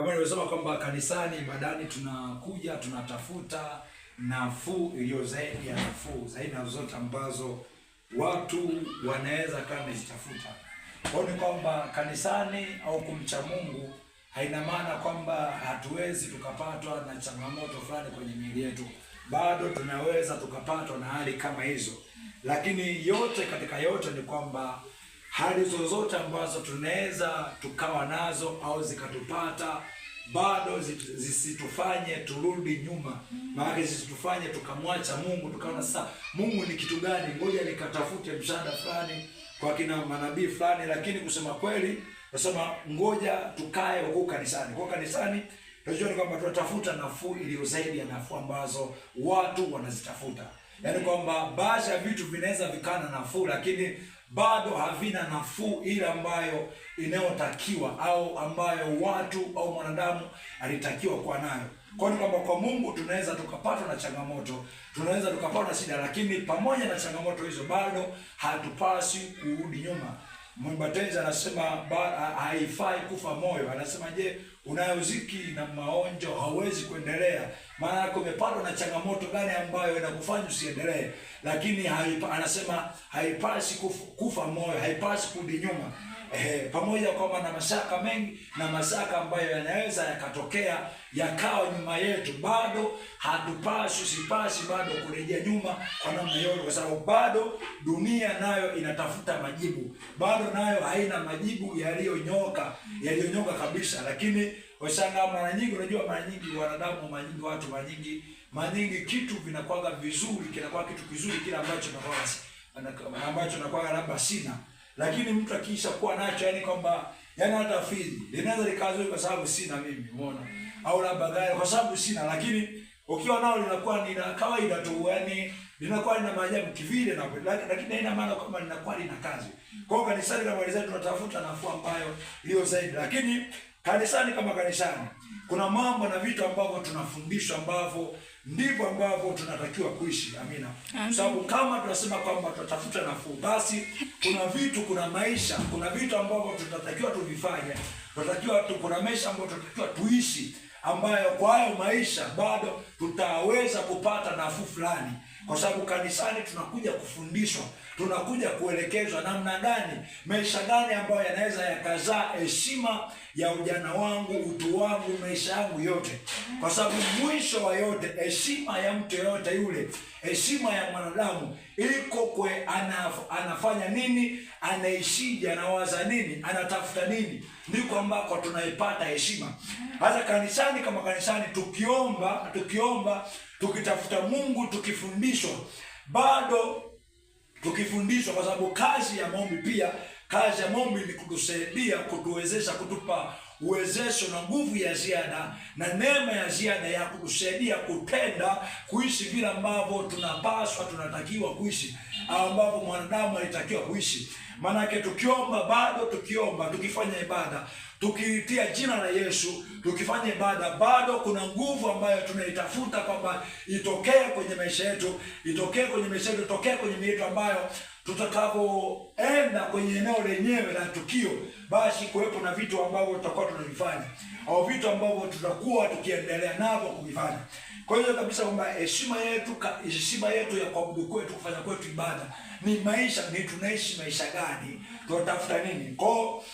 Kama nimesema kwamba kanisani madani tunakuja tunatafuta nafuu iliyo zaidi ya nafuu zaidi na zote ambazo watu wanaweza kama wamezitafuta. Kwa ni kwamba kanisani au kumcha Mungu haina maana kwamba hatuwezi tukapatwa na changamoto fulani kwenye miili yetu, bado tunaweza tukapatwa na hali kama hizo, lakini yote katika yote ni kwamba hali zozote ambazo tunaweza tukawa nazo au zikatupata bado zisitufanye turudi nyuma, maana zisitufanye tukamwacha Mungu, tukaona sasa Mungu ni kitu gani, ngoja nikatafute msaada fulani kwa kina manabii fulani. Lakini kusema kweli, nasema ngoja tukae huko kanisani, Huko kanisani tunajua kwamba tunatafuta nafuu iliyo zaidi ya nafuu ambazo watu wanazitafuta yaani kwamba baadhi ya vitu vinaweza vikana nafuu, lakini bado havina nafuu ile ambayo inayotakiwa au ambayo watu au mwanadamu alitakiwa kuwa nayo. Kwa hiyo kwamba kwa Mungu tunaweza tukapatwa na changamoto, tunaweza tukapatwa na shida, lakini pamoja na changamoto hizo bado hatupasi kurudi nyuma. Mwimba anasema haifai kufa moyo, anasema je, unayoziki na maonjo, hauwezi kuendelea. Maana yako umepatwa na changamoto gani ambayo inakufanya usiendelee? Lakini haipa, anasema haipasi kufa, kufa moyo, haipasi kurudi nyuma. Eh, pamoja kwamba na mashaka mengi na mashaka ambayo yanaweza yakatokea yakawa nyuma yetu, bado hatupasi usipasi bado kurejea nyuma kwa namna yote, kwa sababu bado dunia nayo inatafuta majibu, bado nayo haina majibu yaliyonyoka yaliyonyoka kabisa, lakini Ushanga mara nyingi unajua, mara nyingi wanadamu, mara nyingi watu, mara nyingi mara nyingi kitu vinakuwa vizuri, kinakuwa kitu kizuri kile ambacho nakuwa ambacho nakuwa labda sina, lakini mtu akisha kuwa nacho, yani kwamba yani hata fili linaweza likazoe kwa sababu sina mimi, umeona, au labda gari kwa sababu sina, lakini ukiwa nao linakuwa ni la kawaida tu, yani linakuwa lina maajabu kivile na lakini lakini haina maana kama linakuwa lina kazi. Kwa hiyo kanisani kama tunatafuta nafuu ambayo hiyo zaidi, lakini Kanisani kama kanisani, kuna mambo na vitu ambavyo tunafundishwa ambavyo ndivyo ambavyo tunatakiwa kuishi. Amina, kwa sababu kama tunasema kwamba tutatafuta nafuu, basi kuna vitu, kuna maisha, kuna vitu ambavyo tunatakiwa tuvifanye, tunatakiwa tu, kuna maisha ambayo tunatakiwa tuishi, ambayo kwa hayo maisha bado tutaweza kupata nafuu fulani kwa sababu kanisani tunakuja kufundishwa, tunakuja kuelekezwa namna gani, maisha gani ambayo yanaweza yakazaa heshima ya ujana wangu, utu wangu, maisha yangu yote, kwa sababu mwisho wa yote, heshima ya mtu yoyote yule, heshima ya mwanadamu iko kwe, anaf, anafanya nini, anaishije, anawaza nini, anatafuta nini, ndiko ambako tunaipata heshima. Hata kanisani, kama kanisani tukiomba, tukiomba tukitafuta Mungu, tukifundishwa bado tukifundishwa, kwa sababu kazi ya maombi pia, kazi ya maombi ni kutusaidia, kutuwezesha, kutupa uwezesho na nguvu ya ziada na neema ya ziada ya kutusaidia kutenda, kuishi vile ambavyo tunapaswa, tunatakiwa kuishi, ambavyo mwanadamu alitakiwa kuishi. Maanake tukiomba, bado tukiomba, tukifanya ibada tukiitia jina la Yesu, tukifanya ibada, bado kuna nguvu ambayo tunaitafuta kwamba itokee kwenye maisha yetu, itokee kwenye maisha yetu, itokee kwenye mioyo yetu, ambayo tutakapoenda kwenye eneo lenyewe la tukio, basi kuwepo na vitu ambavyo tutakuwa tunavifanya au vitu ambavyo tutakuwa tukiendelea navyo kuvifanya. Kwa hiyo kabisa kwamba heshima yetu, heshima yetu ya kuabudu kwetu, kufanya kwetu ibada ni maisha, ni tunaishi maisha gani, tunatafuta nini kwao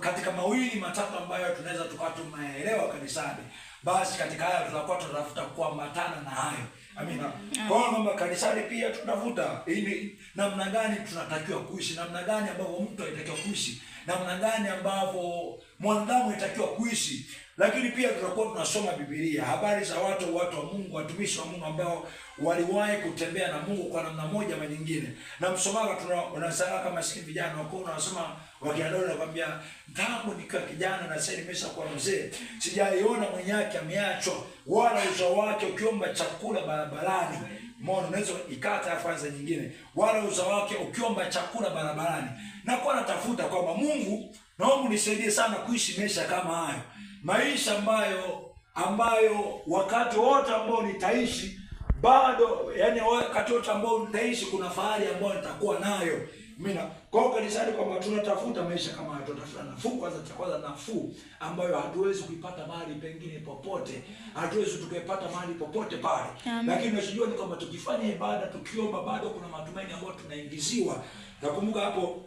katika mawili matatu ambayo tunaweza tukawa tumeelewa kanisani basi katika haya tunakuwa tunatafuta kuambatana na hayo. Amina. Kwa hiyo mama kanisani pia tunavuta ili namna gani tunatakiwa kuishi, namna gani ambapo mtu anatakiwa kuishi, namna gani ambapo mwanadamu anatakiwa kuishi. Lakini pia tunakuwa tunasoma Biblia, habari za watu watu wa Mungu, watumishi wa Mungu ambao waliwahi kutembea na Mungu kwa namna moja ama nyingine. Na msomaga tunasaa kama sisi vijana wako unasoma wakiadola nakwambia, tangu nikiwa kijana na sasa nimesha nimeshakuwa mzee, sijaiona mwenyake wake ameachwa, wala uzao wake ukiomba chakula barabarani. Mbona unaweza ikata ya kwanza nyingine, wala uzao wake ukiomba chakula barabarani. Na kwa natafuta kwamba Mungu, naomba nisaidie sana kuishi maisha kama hayo, maisha ambayo ambayo wakati wote ambao nitaishi bado, yani wakati wote ambao nitaishi kuna fahari ambayo nitakuwa nayo. Amina. Kwa hiyo kanisani, kwamba tunatafuta maisha kama hayo, tunatafuta nafuu kwanza, cha kwanza nafuu ambayo hatuwezi kuipata mahali pengine popote, hatuwezi tukaipata mahali popote pale, lakini tunachojua ni kwamba tukifanya ibada, tukiomba, bado kuna matumaini ambayo tunaingiziwa. Nakumbuka hapo,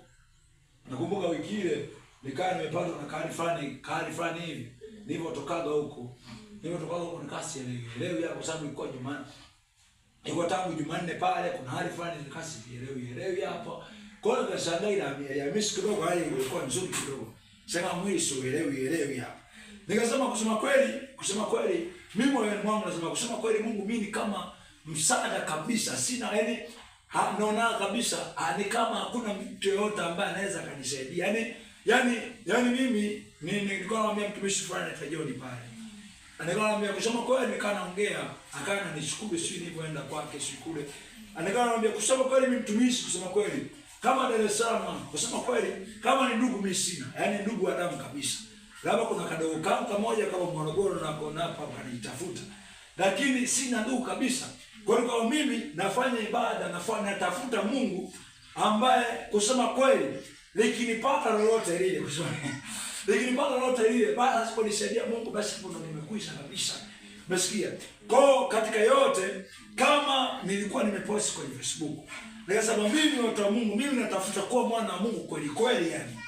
nakumbuka wiki ile nikaa nimepatwa na kari fulani, kari fulani hivi nilivyotokaga huko, nilivyotokaga huko nikasi leo yako, sababu ilikuwa Jumanne, ilikuwa tangu Jumanne pale, kuna hali fulani nikasi elewi elewi hapo kwa hiyo nikashangaa ile ya Messi kidogo hali ilikuwa nzuri kidogo. Sema mwili si uelewi uelewi hapa. Nikasema kusema kweli, kusema kweli mimi moyoni mwangu nasema kusema kweli Mungu mimi ni kama msaada kabisa, sina yani naona kabisa ni kama hakuna mtu yeyote ambaye anaweza akanisaidia. Yaani yaani yaani mimi ni nilikuwa namwambia mtumishi fulani atajoni pale. Anakwambia kusema kweli nikaa naongea, akawa ananishukuru sio nilipoenda kwake sikule. Anakwambia kusema kweli mimi mtumishi kusema kweli kama Dar es Salaam, kusema kweli, kama ni ndugu mimi sina, yaani ndugu wa damu kabisa, labda kuna kadogo kangu kamoja kama Morogoro na kona hapa kanitafuta, lakini sina ndugu kabisa. Kwa hiyo kama mimi nafanya ibada, nafanya natafuta Mungu ambaye kusema kweli likinipata lolote lile kusema likinipata lolote lile, basi asiponisaidia Mungu, basi kuna ndo nimekwisha kabisa mesikia Kwa katika yote kama nilikuwa nimeposti kwenye Facebook. Nikasema mimi watu wa Mungu, mimi natafuta kuwa mwana wa Mungu kweli kweli yani.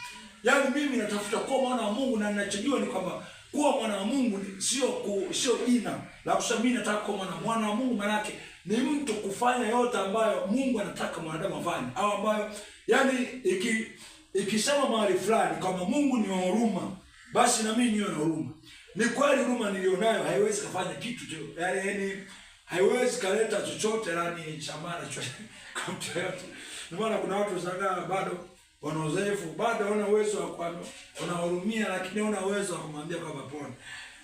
Yaani mimi natafuta kuwa mwana wa Mungu na ninachojua ni kwamba kuwa mwana wa Mungu sio sio jina la kusema mimi nataka kuwa mwana mwana wa Mungu manake ni mtu kufanya yote ambayo Mungu anataka mwanadamu afanye au ambayo yani iki ikisema mahali fulani kama Mungu ni wa huruma, basi na mimi niwe na huruma. Ni kweli huruma nilionayo haiwezi kufanya kitu tu. Yaani haiwezi kaleta chochote lani cha maana kwa Ni maana kuna watu zangaa bado wana bado hawana uwezo wa kwamba wanahurumia lakini hawana uwezo wa kumwambia kwamba pone.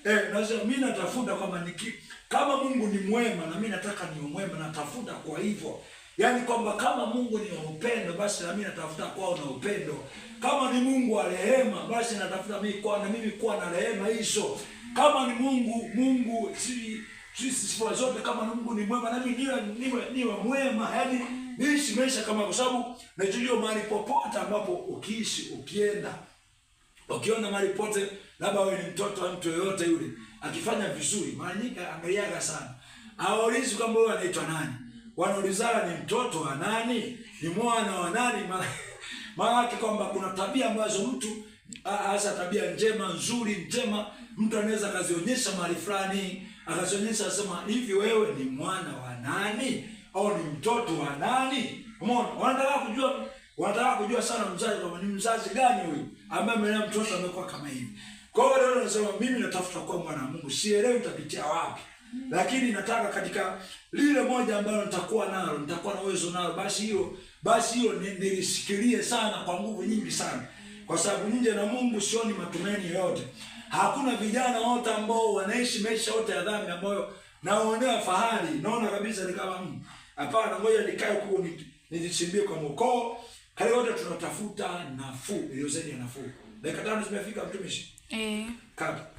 Eh, nasema mimi natafuta kwamba niki kama Mungu ni mwema na mimi nataka niwe mwema natafuta kwa hivyo. Yaani kwamba kama Mungu ni upendo, basi na mimi natafuta kwao na upendo. Kama ni Mungu wa rehema, basi natafuta mimi kwa na mimi kuwa na rehema hizo. Kama ni Mungu Mungu si sisi sifa zote, kama ni Mungu ni mwema, nami niwe niwe niwe mwema, yaani niishi maisha kama, kwa sababu najua mahali popote ambapo ukiishi, ukienda, ukiona mahali popote, labda wewe ni mtoto wa mtu yoyote yule akifanya vizuri, mara nyingi angaliaga sana, hawaulizi kwamba wewe anaitwa nani wanaulizana ni mtoto wa nani, ni mwana wa nani? Maanake kwamba kuna tabia ambazo mtu hasa tabia njema nzuri njema, mtu anaweza akazionyesha mahali fulani, akazionyesha asema hivi, wewe ni mwana wa nani au ni mtoto wa nani? Umeona, wanataka kujua, wanataka kujua sana mzazi, kwamba ni mzazi gani huyu ambaye amelea mtoto amekuwa kama hivi. Kwa hiyo leo nasema mimi natafuta kuwa mwana wa Mungu, sielewi utapitia wapi lakini nataka katika lile moja ambalo nitakuwa nalo, nitakuwa na uwezo nalo, basi hiyo basi hiyo nilishikilie sana kwa nguvu nyingi sana, kwa sababu nje na Mungu sioni matumaini yoyote. Hakuna vijana wote ambao wanaishi maisha yote ya dhambi ambayo naonea fahari, naona kabisa ni kama Mungu. Hapana, ngoja nikae huko nijichimbie kwa mkoo. Kale wote tunatafuta nafuu, iliozeni ya nafuu. Dakika tano zimefika mtumishi. Eh. Kaka.